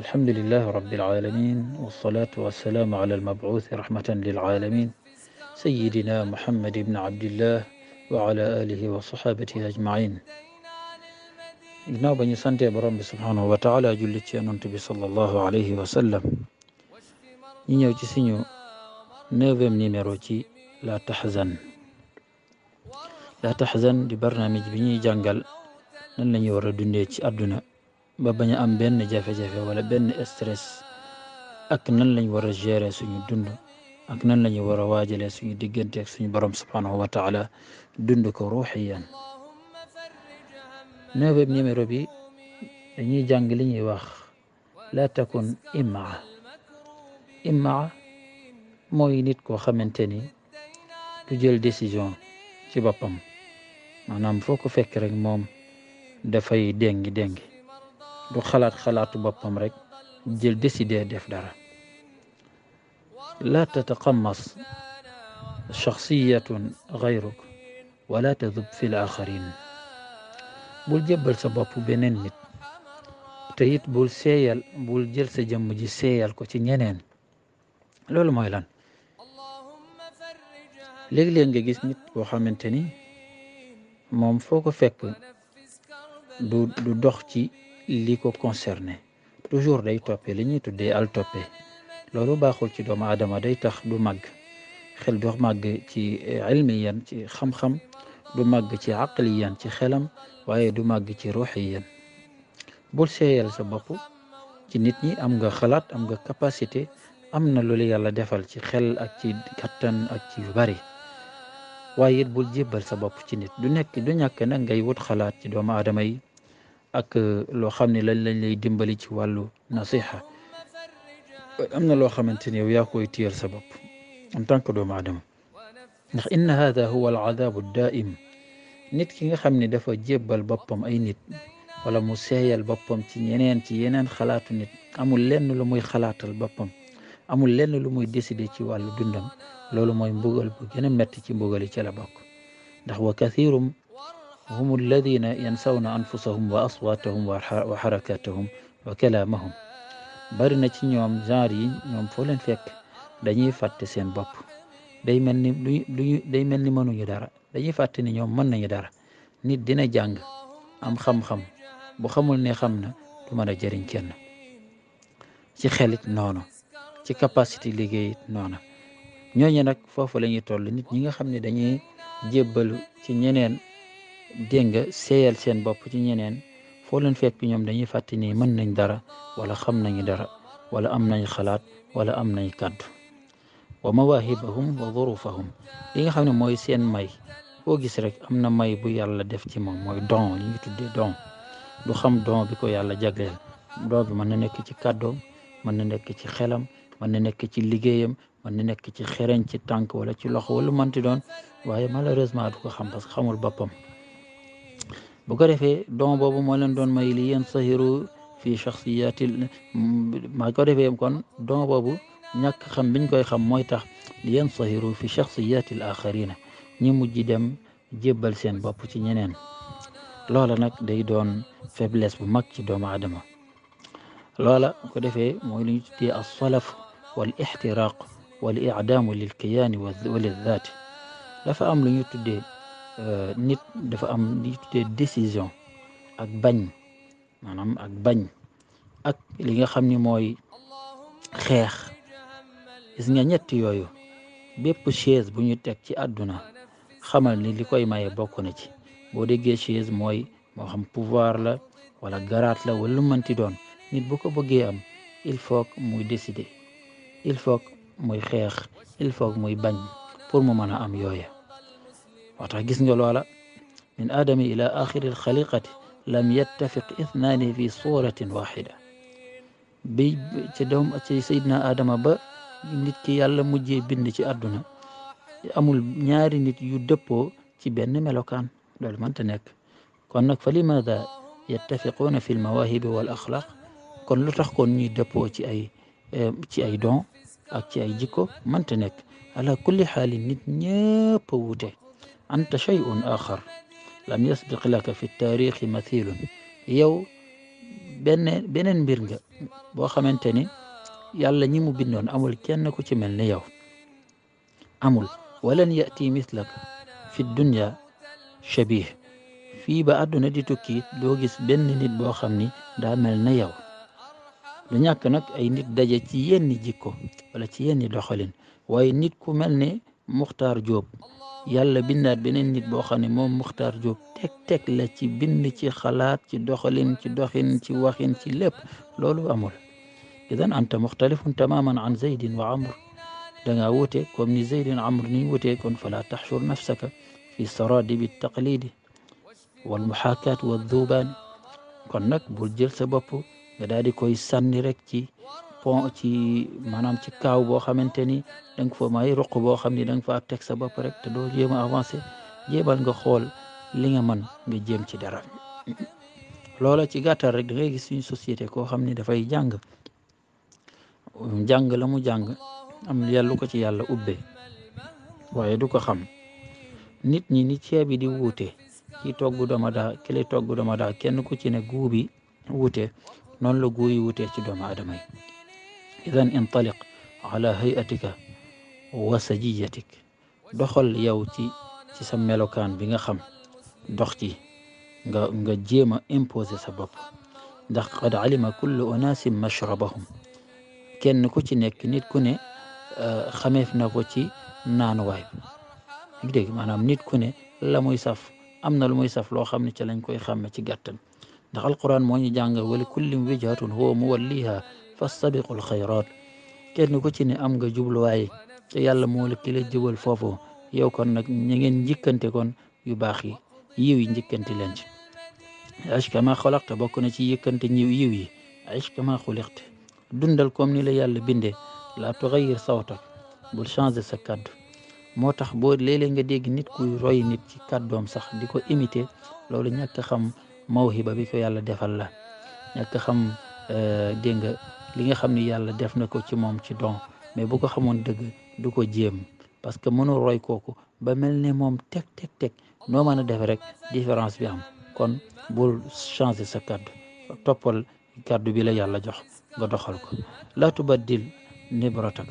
الحمد لله رب العالمين والصلاة والسلام على المبعوث رحمة للعالمين سيدنا محمد بن عبد الله وعلى آله وصحابته أجمعين جناب نسانت برمي سبحانه وتعالى جلت ننتبي صلى الله عليه وسلم نيو جسينيو نيفم نيميروتي لا تحزن لا تحزن دي برنامج بني جنجل نلن يورد نيتي أدنى ba bañ am benn jafe-jafe wala benn stress ak nan lañu war a gérer suñu dund ak nan lañu war a waajalee suñu diggante ak suñu borom subhanahu wa taala dund ko ruuxiyan neuvième numéro bi dañuy jàng li ñuy wax la takun immaa immaa mooy nit koo xamante ni du jël décision ci boppam maanaam foo ko fekk rek moom dafay déngi déngi du xalaat xalaatu boppam rek jël décider def dara laa tataqamas shaxsiyatun gayruk wala tadub fi l axarin bul jëbbal sa bopp beneen nit te it bul seeyal bul jël sa jëmm ji seeyal ko ci ñeneen loolu mooy lan léeg nga gis nit boo xamante ni moom foo ko fekk du dox ci li ko concerné toujours day topé li ñi tuddé al topé lolu baxul ci doom adama day tax du mag xel du mag ci ilmiyan ci xam-xam du mag ci aqliyan ci xelam waye du mag ci ruhiyan bul seeyal sa bopp ci nit ñi am nga xalat am nga capacité amna na loolu defal ci xel ak ci kattan ak ci yu bari waye bul sa bop ci nit du nek du ñak na ngay wut xalat ci doom yi ak lo xamni lañ lañ lay dimbali ci walu nasiha amna lo xamanteni yow ya koy tiyel sa bop en tant que doomu adam ndax in hada huwa al adab al daim nit ki nga xamni dafa jébal bopam ay nit wala mu seyal bopam ci ñeneen ci yeneen xalaatu nit amul lenn lu muy xalaatal bopam amul lenn lu muy décider ci walu dundam lolu moy mbugal bu gën metti ci mbugali ci la bok ndax wa kathirum هم الذين ينسون أنفسهم وأصواتهم وحركاتهم وكلامهم برنا تنيوم زاري نوم فولن فيك دانيي فات سين بوب داي ملني داي ملني منو ني دارا داي فات ني نيوم من ني دارا نيت دينا جانغ ام خم خم بو خمول ني خمنا دو مانا جارين كين سي خيلت نونو سي كاباسيتي ليغي نونو ñoñu nak fofu lañuy toll nit ñi nga xamne dañuy jébalu ci ñeneen dégg nga seeyal seen bopp ci ñeneen foo leen fekk ñoom dañuy fàtte nii mën nañ dara wala xam nañu dara wala am nañ xalaat wala am nañ kàddu wa mawahibahum wa durufahum li nga xam ne mooy seen may koo gis rek am na may bu yàlla def ci moom mooy don li ñu tuddee don du xam don bi ko yàlla jagleel don bi mën na nekk ci kàddoom mën na nekk ci xelam mën na nekk ci liggéeyam mën na nekk ci xereñ ci tànk wala ci loxo wala mënti doon waaye malheureusement du ko xam xamul boppam بكرة دون بابو مالن دون مايليان صهيرو في شخصيات ال ما كرة يمكن دون بابو نك خم بين كوي خم مايتا ليان صهيرو في شخصيات الآخرين نيمو جدم جبل سين بابو تينين لولا نك دي دون فبلس بمك دوم عدم لولا كرة في مايلين تي الصلف والاحتراق والإعدام للكيان والذ... وللذات لا فأملو يتدي Euh, nit dafa am li ñuy décision ak bagn manam ak bagn ak li nga xamni moy xex xeex gis nga ñett yoyu bép chaise buñu ñu ci aduna xamal ni likoy maye bokk na ci bo déggee chaise moy mo xam pouvoir la wala garat la wala lu mënti doon nit bu ko bëggee am il faut muy décider il faut muy xex il faut muy bagn pour mu mën am yoyu وتحجس جلوالا من آدم إلى آخر الخليقة لم يتفق إثنان في صورة واحدة بي تدوم أتي سيدنا آدم با نيت كي يالا مجي بند تي أدنا أمول نياري نيت يدبو تي بن ملوكان لول مانت نيك كون نك فلماذا يتفقون في المواهب والأخلاق كون لو كون ني تي أي تي أي دون أك تي أي جيكو مانت نيك على كل حال نيت نيب ووتي أنت شيء آخر لم يسبق لك في التاريخ مثيل يو بين بين بيرغا بو خامتاني يالا نيمو بينون امول كين كو تي ملني يو امول ولن ياتي مثلك في الدنيا شبيه في بعد ندي توكي دو غيس بن نيت بو خامني دا ملني يو دا نياك نك اي نيت داجي تي يين جيكو ولا تي يين دوخلين واي نيت كو ملني مختار جوب يلا بنات بنين نيت بو خاني موم مختار جوب تك تك لا سي بن سي خلات سي دخلين سي دخين سي واخين سي لب لولو امول اذا انت مختلف تماما عن زيد وعمر دا ووتي كوم ني زيد عمرو ني ووتي كون فلا تحشر نفسك في سراد بالتقليد والمحاكاة والذوبان كونك بول جيل سا بوب دا دي كوي ساني رك سي pont ci manam ci kaw bo xamante ni dang fa may ruq bo xamni dang fa tek sa bop rek te do jema avancer jebal nga xol li nga man nga jem ci dara lola ci gatal rek da ngay gis suñu société ko xamni da fay jang jang la mu jang am yallu ko ci yalla ubbe waye du ko xam nit ñi ni ciébi di wuté ki toggu dama da kele toggu dama da kenn ku ci ne guubi wuté non la guuy wuté ci doomu adama yi إذا انطلق على hay'atika wa sajiyatik doxal yow ci ci sa melokaan bi nga xam dox ci nga nga jéem a imposer sa bopp ndax qad alima kullu unasin mashrabahum kenn ku ci nekk nit ku ne xameef na ko ci naanuwaay bi dégg maanaam nit ku ne la muy saf am na lu muy saf loo xam ne ci lañ koy xàmme ci gàttal ndax alquran moo ñu jàngal wali kullin wijhatun huwa muwalliha fastabiqul xayraat kenn ko ci ne am nga jubluwaay te yàlla mool la kila jëbal foofu yow kon nag ña ngeen njëkkante kon yu baax yi yiw yi njëkkante leen ci ash ma xalaqta bokk na ci yëkkante ñiw yiw yi ash kama xuliqta dundal comme ni la yàlla bindee la tuxayir sawtak bul changer sa kàddu moo tax boo léeg nga dégg nit kuy roy nit ci kàddoom sax di ko imiter loolu ñàkk xam mawhiba bi ko yàlla defal la ñàkk xam dégg nga li nga xam ni yàlla def na ko ci moom ci don mais bu ko xamoon dëgg du ko jéem parce que mënul roy kooku ba mel ne moom teg teg teg noo mën a def rek différence bi am kon bul changer sa kàddu toppal kàddu bi la yàlla jox nga doxal ko laa tubaddil nibratak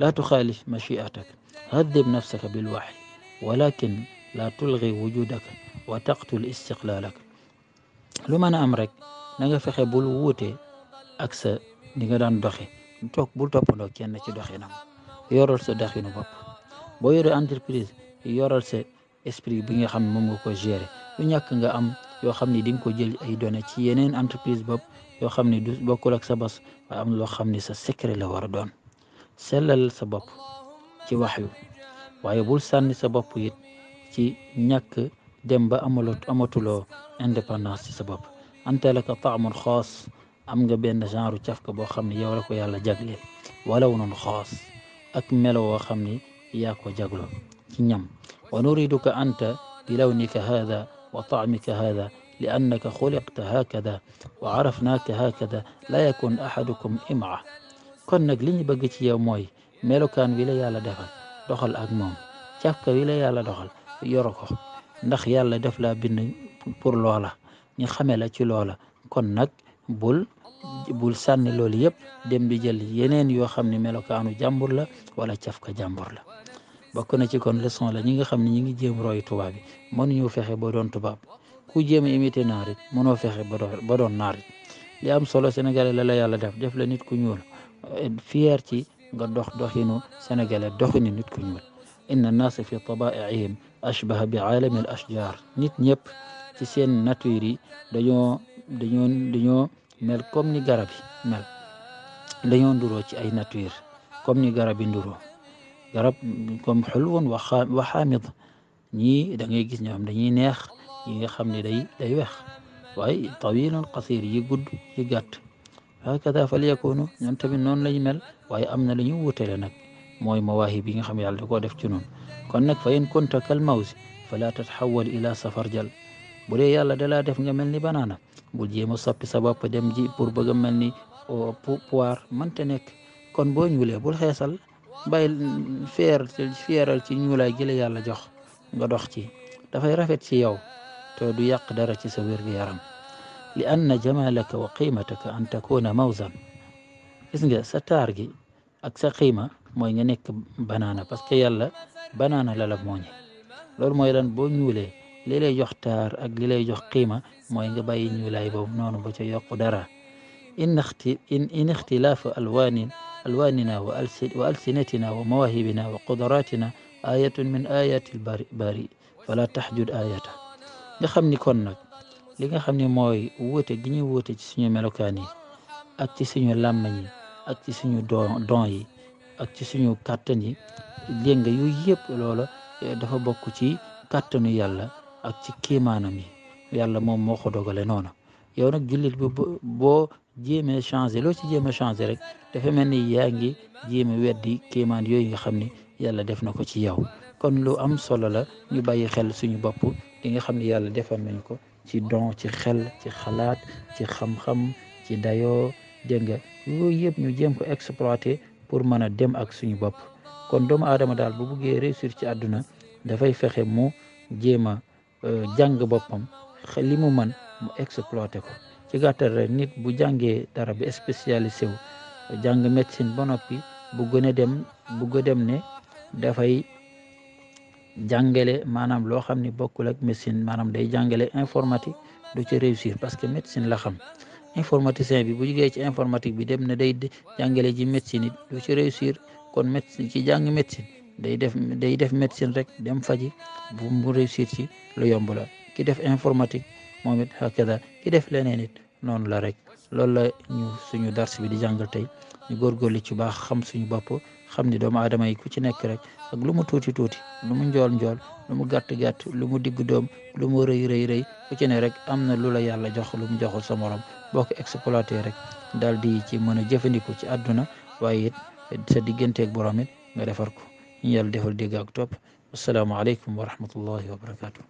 laa tuxaalif machiatak haddib nafsaka bil waxi walakin laa tulgi wujudak wa taqtul istiqlaalak lu mën a am rek na nga fexe bul wuute ak sa ni nga daan doxi toog bul toppandoo kenn ci doxinam yoral sa doxinu bopp boo yoree entreprise yoral sa esprit bi nga xam ne moom nga ko gérer lu ñàkk nga am yoo xam ni di nga ko jël ay données ci yeneen entreprise bopp yoo xam ne du bokkul ak sa bas waaye am loo xam ni sa secret la war a doon sellal sa bopp ci wax waaye bul sànni sa bopp it ci ñàkk dem ba amaloo amatuloo indépendance ci sa bopp anta laka taamun xaas am nga benn genre cafka boo xam ni yow la ko yàlla jagleel wala woon xaas ak melo woo xam ni yaa ko jaglo ci ñam wa nuriduka anta bi lawnika hada wa taamika hada لأنك خلقت هكذا وعرفناك هكذا لا يكون أحدكم إمعة kon nag li ñu bëgg ci yow mooy melokaan wi la yàlla defal doxal ak moom cafka wi la yàlla doxal yoro ko ndax yàlla def laa bind pour loola ñu xame la ci loola kon nag bul bul sànni loolu yëpp dem di jël yeneen yoo xam ne melokaanu jàmbur la wala cafka jàmbur la bokk na ci kon leçon la ñi nga xam ñi ngi jéem roy tubaab yi mënuñu fexe ba doon tubaab ku jéem imité naar mënoo fexe ba doon ba li am solo sénégalais la la yàlla def def la nit ku ñuul fier ci nga dox doxinu sénégalais doxini nit ku ñuul ان الناس في طبائعهم ashbaha بعالم الاشجار نيت نيب سي سين ناتوري دانيو دانيو دانيو mel comme ni garab mel dañu nduro ci ay nature comme ni garab nduro garab comme hulwun wa hamid ni da ngay gis ñoo dañuy neex yi nga xamni day day weex way tawil qasir yi gudd yi gàtt hakata fal yakunu ñoom tamit non lañu mel way amna lañu lu ñu wutale nag mooy mawaahib yi nga xam yàlla da def ci noonu kon nak fa in kunta kal mawsi fala tatxawal ila safarjal bu dee yàlla dalaa def nga melni banana bul jéem a soppi sa bopp dem ji pour bëgg a mel ni pouvoir mënta nekk kon boo ñuulee bul xeesal bàyyi feer feeral ci ñuulaay gi la yàlla jox nga dox ci dafay rafet ci yow te du yàq dara ci sa wér-gu-yaram li anna jamalaka wa qimataka an takuna mawzan gis nga sa taar gi ak sa xiima mooy nga nekk banaana parce que yàlla banaana la la mooñe loolu mooy lan boo ñuulee li lay jox taar ak li lay jox qiima mooy nga bàyyi ñuulaay boobu noonu ba ca yok dara in ixti in in ixtilaafu alwaanin alwaanina wa alsinatina wa mawaahibina wa qudraatina ayatun min ayaati lbaari fala taxjud ayata nga xam ni kon nag li nga xam ne mooy wuute gi ñuy wuute ci suñu melokaan yi ak ci suñu làmmañ yi ak ci suñu don don yi ak ci suñu kàttan yi dégg nga yooyu dafa bokk ci kàttanu yàlla ak ci kéemaanam yi yàlla moom moo ko dogale noonu yow nag jullit bi boo jéemee changé loo ci jéemee changé rek dafa mel ni yaa ngi jéeme weddi kéemaan yooyu nga xam ni yàlla def na ko ci yow kon lu am solo la ñu bàyyi xel suñu bopp li nga xam ni yàlla defal nañ ko ci don ci xel ci xalaat ci xam-xam ci dayo dégg nga yooyu yëpp ñu jéem ko exploité pour mën a dem ak suñu bopp kon doomu aadama daal bu buggee réussir ci àdduna dafay fexe mu jéem Euh, jàng boppam li mu man mu exploité ko ci gàttal nit bu jàngee dara bi spécialisé wu jàng médecine ba noppi bu gën a dem bu gën dem ne dafay jàngale maanaam loo xam ni bokkul ak médecine maanaam day jàngale informatique du ci réussir parce que médecine la xam informaticien bi bu jugee ci informatique bi dem na day jàngale ji médecine it du ci réussir kon médecine ci jàng médecine day def day def médecine rek dem faji bu mu réussir ci lu yomb ki def informatique moom it ki def leneen it noonu la rek loolu la ñu suñu dars bi di jàngal tey ñu góorgóorlu ci baax xam suñu bopp xam ni doomu aadama yi ku ci nekk rek ak lu mu tuuti tuuti lu mu njool njool lu mu gàtt gàtt lu mu digg doom lu mu rëy rey rëy ku ci ne rek am na lu la yàlla jox lu mu joxul sa morom boo ko rek daal di ci mën a jëfandiku ci àdduna waaye it sa digganteeg borom it nga defar ko يلدي هولدي جاك توب والسلام عليكم ورحمة الله وبركاته